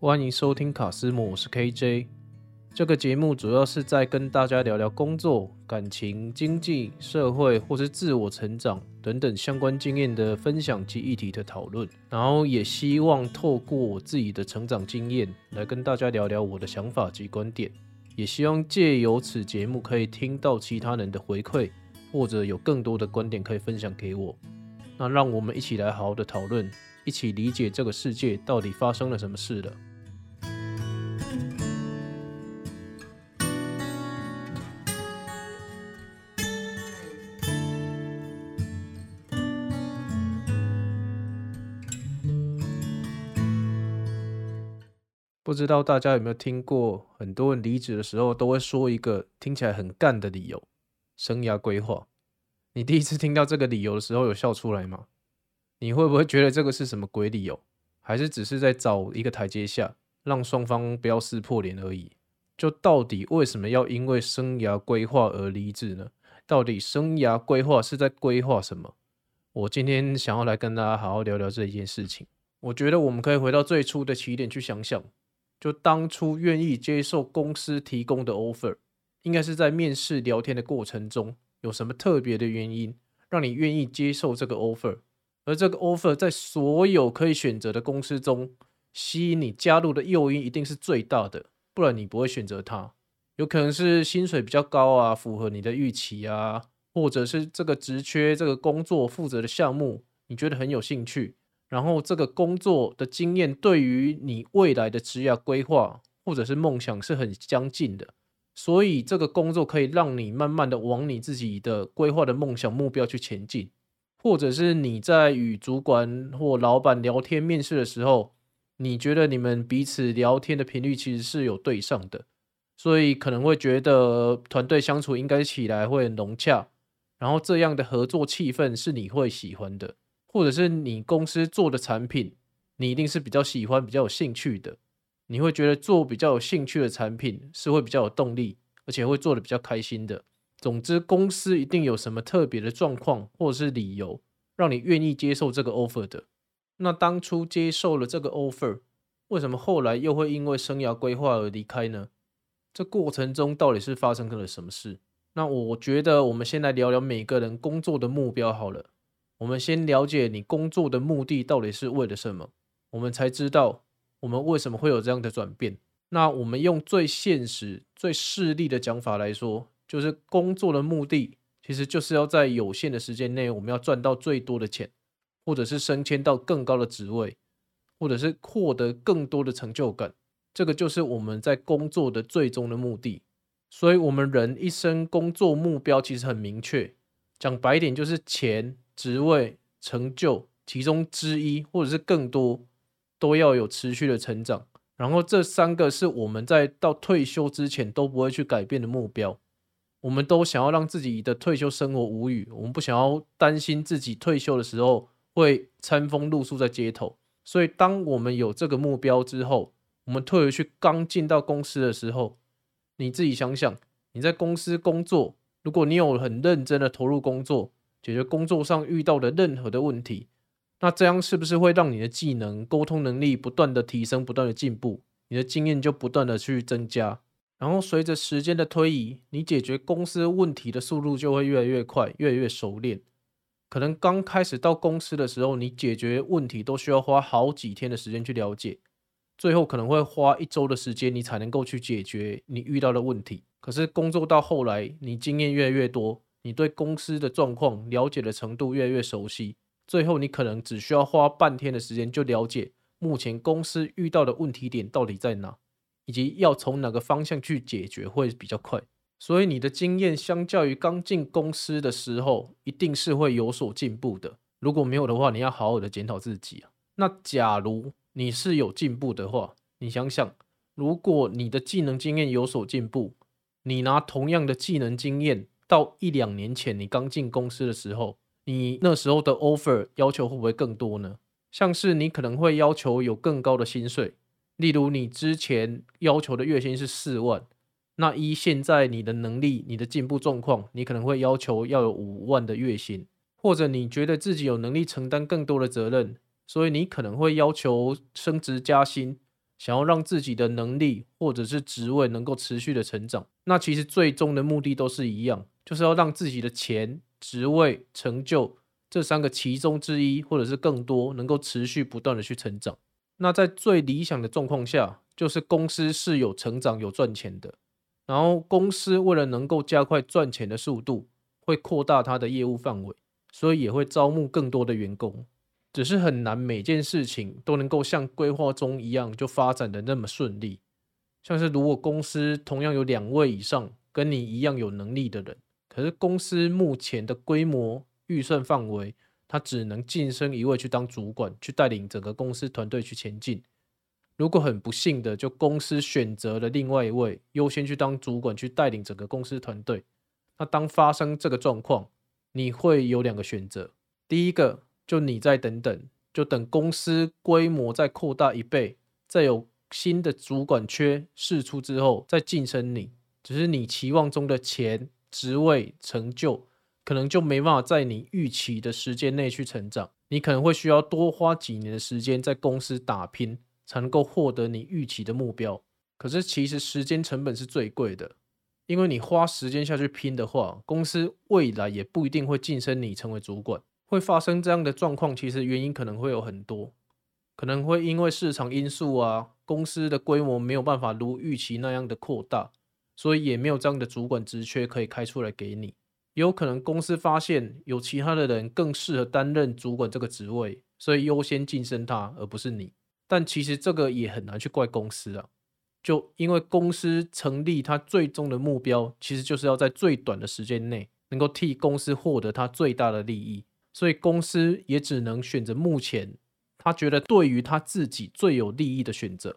歡迎收聽卡斯姆，我是 KJ。這個節目主要是在跟大家聊聊工作、感情、經濟、社會，或是自我成長等等相關經驗的分享及議題的討論。然後也希望透過我自己的成長經驗來跟大家聊聊我的想法及觀點。也希望借由此節目可以聽到其他人的回饋，或者有更多的觀點可以分享給我。那讓我們一起來好好的討論，一起理解這個世界到底發生了什麼事了。不知道大家有沒有聽過，很多人離職的時候都會說一個聽起來很幹的理由——生涯規劃。你第一次聽到這個理由的時候，有笑出來嗎？你會不會覺得這個是什麼鬼理由？還是只是在找一個台階下，讓雙方不要撕破臉而已？就到底為什麼要因為生涯規劃而離職呢？到底生涯規劃是在規劃什麼？我今天想要來跟大家好好聊聊這一件事情。我覺得我們可以回到最初的起點去想想。就當初願意接受公司提供的 offer，應該是在面試聊天的過程中，有什麼特別的原因讓你願意接受這個 offer。而這個 offer 在所有可以選擇的公司中，吸引你加入的誘因一定是最大的，不然你不會選擇它。有可能是薪水比較高啊，符合你的預期啊，或者是這個職缺、這個工作負責的項目，你覺得很有興趣。然後，這個工作的經驗對於你未來的職業規劃或者是夢想是很相近的，所以這個工作可以讓你慢慢的往你自己的規劃的夢想目標去前進。或者是你在與主管或老闆聊天面試的時候，你覺得你們彼此聊天的頻率其實是有對上的，所以可能會覺得團隊相處應該起來會很融洽，然後這樣的合作氣氛是你會喜歡的。或者是你公司做的產品，你一定是比較喜歡、比較有興趣的。你會覺得做比較有興趣的產品是會比較有動力，而且會做得比較開心的。總之，公司一定有什麼特別的狀況或者是理由，讓你願意接受這個 offer 的。那當初接受了這個 offer，為什麼後來又會因為生涯規劃而離開呢？這過程中到底是發生了什麼事？那我覺得我們先來聊聊每個人工作的目標好了。我們先了解你工作的目的到底是為了什麼，我們才知道我們為什麼會有這樣的轉變。那我們用最現實、最勢利的講法來說，就是工作的目的其實就是要在有限的時間內，我們要賺到最多的錢，或者是升遷到更高的職位，或者是獲得更多的成就感。這個就是我們在工作的最終的目的。所以，我們人一生工作目標其實很明確，講白一點就是錢。職位成就其中之一，或者是更多，都要有持續的成長。然後，這三個是我們在到退休之前都不會去改變的目標。我們都想要讓自己的退休生活無虞，我們不想要擔心自己退休的時候會餐風露宿在街頭。所以，當我們有這個目標之後，我們退回去剛進到公司的時候，你自己想想，你在公司工作，如果你有很認真的投入工作。解決工作上遇到的任何的問題，那這樣是不是會讓你的技能、溝通能力不斷的提升、不斷的進步？你的經驗就不斷的去增加，然後隨着時間的推移，你解決公司問題的速度就會越來越快、越來越熟練。可能剛開始到公司的時候，你解決問題都需要花好幾天的時間去了解，最後可能會花一周的時間你才能夠去解決你遇到的問題。可是工作到後來，你經驗越來越多。你對公司的狀況了解的程度越來越熟悉，最後你可能只需要花半天的時間就了解目前公司遇到的問題點到底在哪，以及要從哪個方向去解決會比較快。所以你的經驗相較於剛進公司的時候，一定是會有所進步的。如果沒有的話，你要好好的檢討自己。那假如你是有進步的話，你想想，如果你的技能經驗有所進步，你拿同樣的技能經驗。到一兩年前，你剛進公司的時候，你那時候的 offer 要求會不會更多呢？像是你可能會要求有更高的薪水，例如你之前要求的月薪是四萬，那依現在你的能力、你的進步狀況，你可能會要求要有五萬的月薪，或者你覺得自己有能力承擔更多的責任，所以你可能會要求升職加薪，想要讓自己的能力或者是職位能夠持續的成長。那其實最終的目的都是一樣。就是要讓自己的錢、職位、成就這三個其中之一，或者是更多，能夠持續不斷的去成長。那在最理想的狀況下，就是公司是有成長、有賺錢的。然後公司為了能夠加快賺錢的速度，會擴大它的業務範圍，所以也會招募更多的員工。只是很難每件事情都能夠像規劃中一樣就發展的那麼順利。像是如果公司同樣有兩位以上跟你一樣有能力的人，可是公司目前的規模、預算範圍，他只能晉升一位去當主管，去帶領整個公司團隊去前進。如果很不幸的，就公司選擇了另外一位優先去當主管，去帶領整個公司團隊。那當發生這個狀況，你會有兩個選擇：第一個，就你再等等，就等公司規模再擴大一倍，再有新的主管缺釋出之後，再晉升你。只是你期望中的錢，職位成就可能就沒辦法在你預期的時間內去成長，你可能會需要多花幾年的時間在公司打拼，才能夠獲得你預期的目標。可是其實時間成本是最貴的，因為你花時間下去拼的話，公司未來也不一定會晉升你成為主管。會發生這樣的狀況，其實原因可能會有很多，可能會因為市場因素啊，公司的規模沒有辦法如預期那樣的擴大。所以也沒有這樣的主管職缺可以開出來給你，也有可能公司發現有其他的人更適合擔任主管這個職位，所以優先晉升他而不是你。但其實這個也很難去怪公司啊，就因為公司成立，他最終的目標其實就是要在最短的時間內能夠替公司獲得他最大的利益，所以公司也只能選擇目前他覺得對於他自己最有利益的選擇，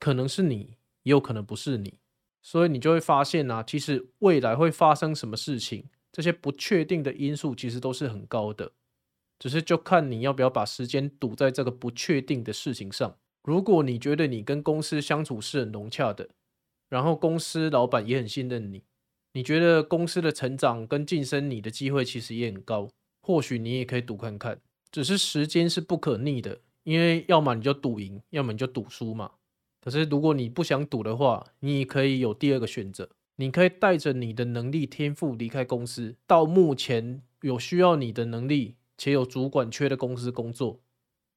可能是你，也有可能不是你。所以你就會發現啊，其實未來會發生什麼事情，這些不確定的因素其實都是很高的，只是就看你要不要把時間賭在這個不確定的事情上。如果你覺得你跟公司相處是很融洽的，然後公司老板也很信任你，你覺得公司的成長跟晉升你的機會其實也很高，或許你也可以賭看看。只是時間是不可逆的，因為要麼你就賭贏，要麼你就賭輸嘛。可是，如果你不想賭的話，你可以有第二個選擇。你可以帶着你的能力、天賦離開公司，到目前有需要你的能力且有主管缺的公司工作。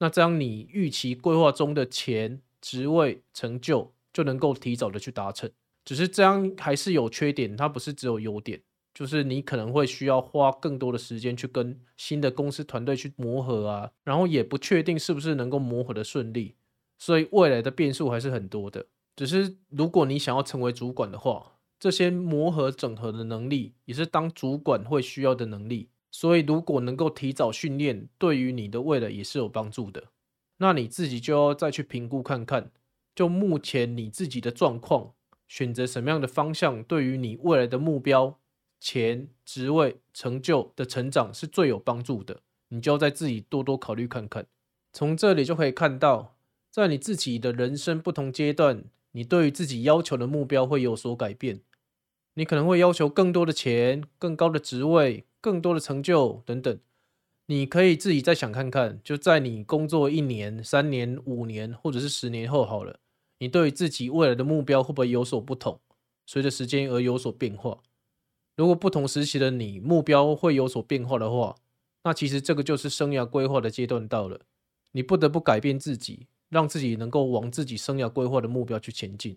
那這樣，你預期規劃中的錢、職位、成就就能夠提早的去達成。只是這樣還是有缺點，它不是只有優點，就是你可能會需要花更多的時間去跟新的公司團隊去磨合啊，然後也不確定是不是能夠磨合的順利。所以未來的變數還是很多的，只是如果你想要成為主管的話，這些磨合、整合的能力也是當主管會需要的能力。所以如果能夠提早訓練，對於你的未來也是有幫助的。那你自己就要再去評估看看，就目前你自己的狀況，選擇什麼樣的方向，對於你未來的目標、錢、職位、成就的成長是最有幫助的。你就要再自己多多考慮看看。從這裡就可以看到。在你自己的人生不同階段，你對於自己要求的目標會有所改變。你可能會要求更多的錢、更高的職位、更多的成就等等。你可以自己再想看看，就在你工作一年、三年、五年或者是十年後好了，你對於自己未來的目標會不會有所不同，隨着時間而有所變化？如果不同時期的你目標會有所變化的話，那其實這個就是生涯規劃的階段到了，你不得不改變自己。讓自己能夠往自己生涯規劃的目標去前進。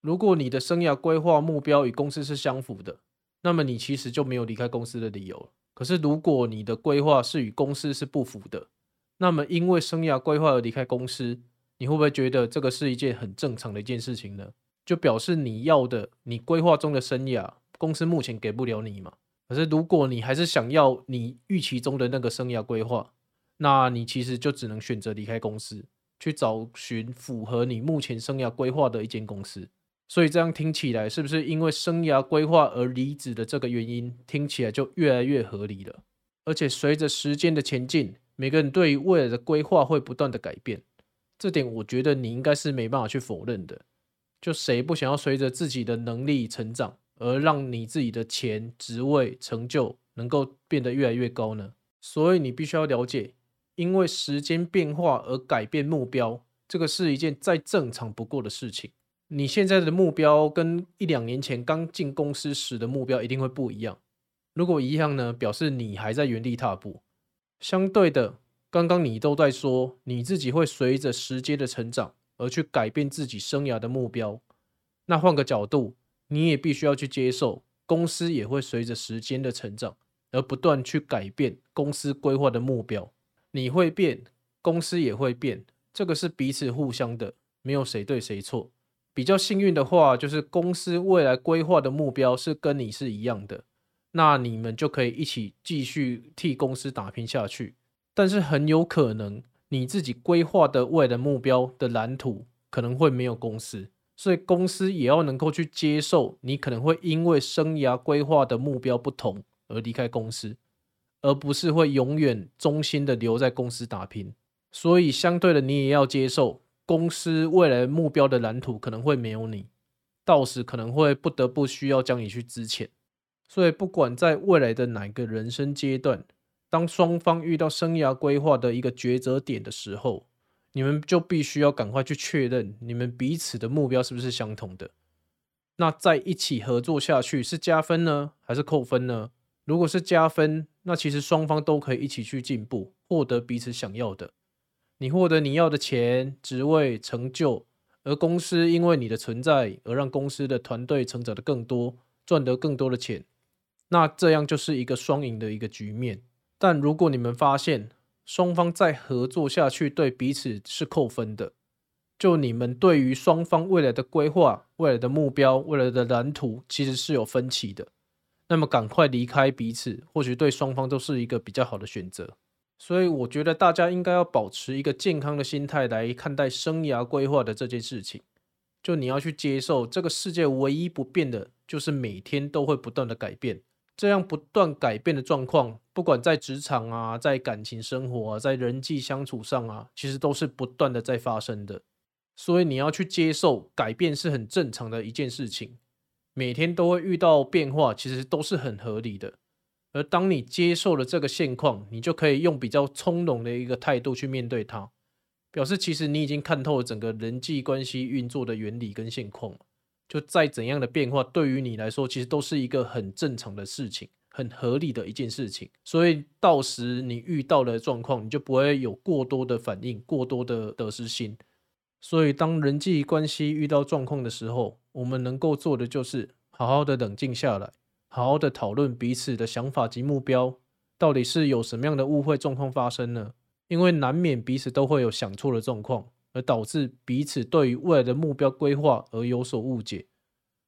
如果你的生涯規劃目標與公司是相符的，那麼你其實就沒有離開公司的理由。可是，如果你的規劃是與公司是不符的，那麼因為生涯規劃而離開公司，你會不會覺得這個是一件很正常的一件事情呢？就表示你要的，你規劃中的生涯，公司目前給不了你嘛。可是，如果你還是想要你預期中的那個生涯規劃，那你其實就只能選擇離開公司。去找尋符合你目前生涯規劃的一間公司，所以這樣聽起來是不是因為生涯規劃而離職的這個原因聽起來就越來越合理了？而且隨着時間的前進，每個人對於未來的規劃會不斷的改變，這點我覺得你應該是沒辦法去否認的。就誰不想要隨着自己的能力成長而讓你自己的錢、職位、成就能夠變得越來越高呢？所以你必須要了解。因為時間變化而改變目標，這個是一件再正常不過的事情。你現在的目標跟一兩年前剛進公司時的目標一定會不一樣。如果一樣呢，表示你還在原地踏步。相對的，剛剛你都在說你自己會隨着時間的成長而去改變自己生涯的目標。那換個角度，你也必須要去接受，公司也會隨着時間的成長而不斷去改變公司規劃的目標。你會變，公司也會變，這個是彼此互相的，沒有誰對誰錯。比較幸運的話，就是公司未來規劃的目標是跟你是一樣的，那你們就可以一起繼續替公司打拼下去。但是很有可能，你自己規劃的未來的目標的藍圖可能會沒有公司，所以公司也要能夠去接受你可能會因為生涯規劃的目標不同而離開公司，而不是會永遠忠心的留在公司打拼，所以相對的，你也要接受公司未來目標的藍圖可能會沒有你，到時可能會不得不需要將你去資遣。所以不管在未來的哪個人生階段，當雙方遇到生涯規劃的一個抉擇點的時候，你們就必須要趕快去確認你們彼此的目標是不是相同的。那在一起合作下去是加分呢？還是扣分呢？如果是加分，那其實雙方都可以一起去進步，獲得彼此想要的。你獲得你要的錢、職位、成就，而公司因為你的存在而讓公司的團隊成長的更多，賺得更多的錢。那這樣就是一個雙贏的一個局面。但如果你們發現雙方再合作下去對彼此是扣分的，就你們對於雙方未來的規劃、未來的目標、未來的藍圖其實是有分歧的。那麼趕快離開彼此，或許對雙方都是一個比較好的選擇。所以我覺得大家應該要保持一個健康的心態來看待生涯規劃的這件事情。就你要去接受這個世界唯一不變的就是每天都會不斷的改變，這樣不斷改變的狀況，不管在職場啊，在感情生活啊，在人際相處上啊，其實都是不斷的在發生的。所以你要去接受改變是很正常的一件事情。每天都會遇到變化，其實都是很合理的。而當你接受了這個現況，你就可以用比較從容的一個態度去面對它，表示其實你已經看透了整個人際關係運作的原理跟現況。就再怎樣的變化，對於你來說，其實都是一個很正常的事情，很合理的一件事情。所以到時你遇到的狀況，你就不會有過多的反應，過多的得失心。所以當人際關係遇到狀況的時候，我們能夠做的就是好好的冷靜下來，好好的討論彼此的想法及目標，到底是有什麼樣的誤會狀況發生呢？因為難免彼此都會有想錯的狀況，而導致彼此對於未來的目標規劃而有所誤解，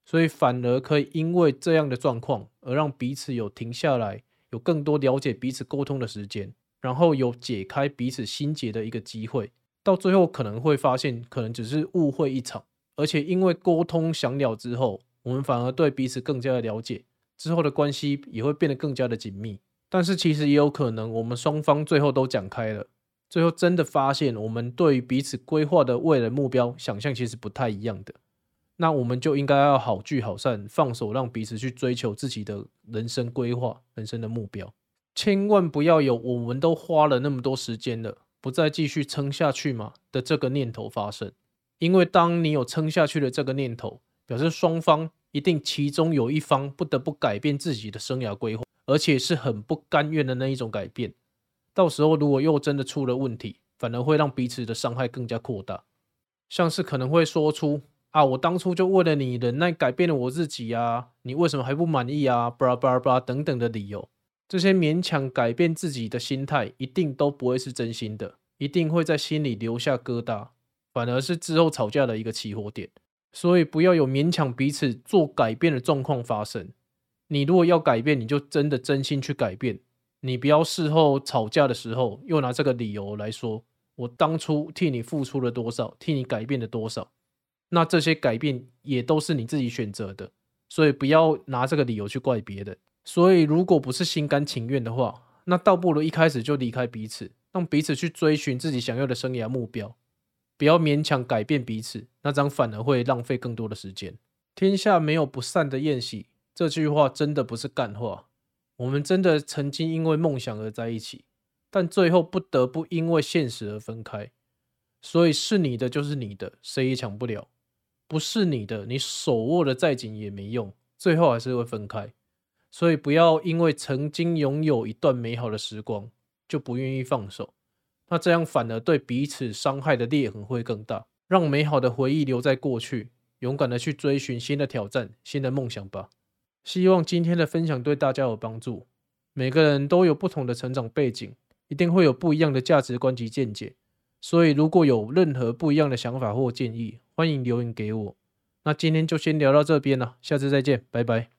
所以反而可以因為這樣的狀況而讓彼此有停下來，有更多了解彼此溝通的時間，然後有解開彼此心結的一個機會，到最後可能會發現可能只是誤會一場。而且因為溝通詳聊之後，我們反而對彼此更加的了解，之後的關係也會變得更加的緊密。但是其實也有可能，我們雙方最後都講開了，最後真的發現我們對於彼此規劃的未來目標想象其實不太一樣的。那我們就應該要好聚好散，放手讓彼此去追求自己的人生規劃、人生的目標，千萬不要有我們都花了那麼多時間了，不再繼續撐下去嘛的這個念頭發生。因為當你有撐下去的這個念頭，表示雙方一定其中有一方不得不改變自己的生涯規劃，而且是很不甘願的那一種改變。到時候如果又真的出了問題，反而會讓彼此的傷害更加擴大。像是可能會說出啊，我當初就為了你忍耐，改變了我自己啊，你為什麼還不滿意啊？巴拉巴拉巴拉等等的理由。這些勉強改變自己的心態，一定都不會是真心的，一定會在心裡留下疙瘩。反而是之後吵架的一個起火點，所以不要有勉強彼此做改變的狀況發生。你如果要改變，你就真的真心去改變，你不要事後吵架的時候又拿這個理由來說，我當初替你付出了多少，替你改變了多少，那這些改變也都是你自己選擇的，所以不要拿這個理由去怪別人。所以如果不是心甘情願的話，那倒不如一開始就離開彼此，讓彼此去追尋自己想要的生涯目標。不要勉強改變彼此，那樣反而會浪費更多的時間。天下沒有不散的宴席，這句話真的不是幹話。我們真的曾經因為夢想而在一起，但最後不得不因為現實而分開。所以是你的就是你的，誰也搶不了；不是你的，你手握得再緊也沒用，最後還是會分開。所以不要因為曾經擁有一段美好的時光，就不願意放手。那這樣反而對彼此傷害的裂痕會更大，讓美好的回憶留在過去，勇敢的去追尋新的挑戰、新的夢想吧。希望今天的分享對大家有幫助。每個人都有不同的成長背景，一定會有不一樣的價值觀及見解。所以如果有任何不一樣的想法或建議，歡迎留言給我。那今天就先聊到這邊了，下次再見，拜拜。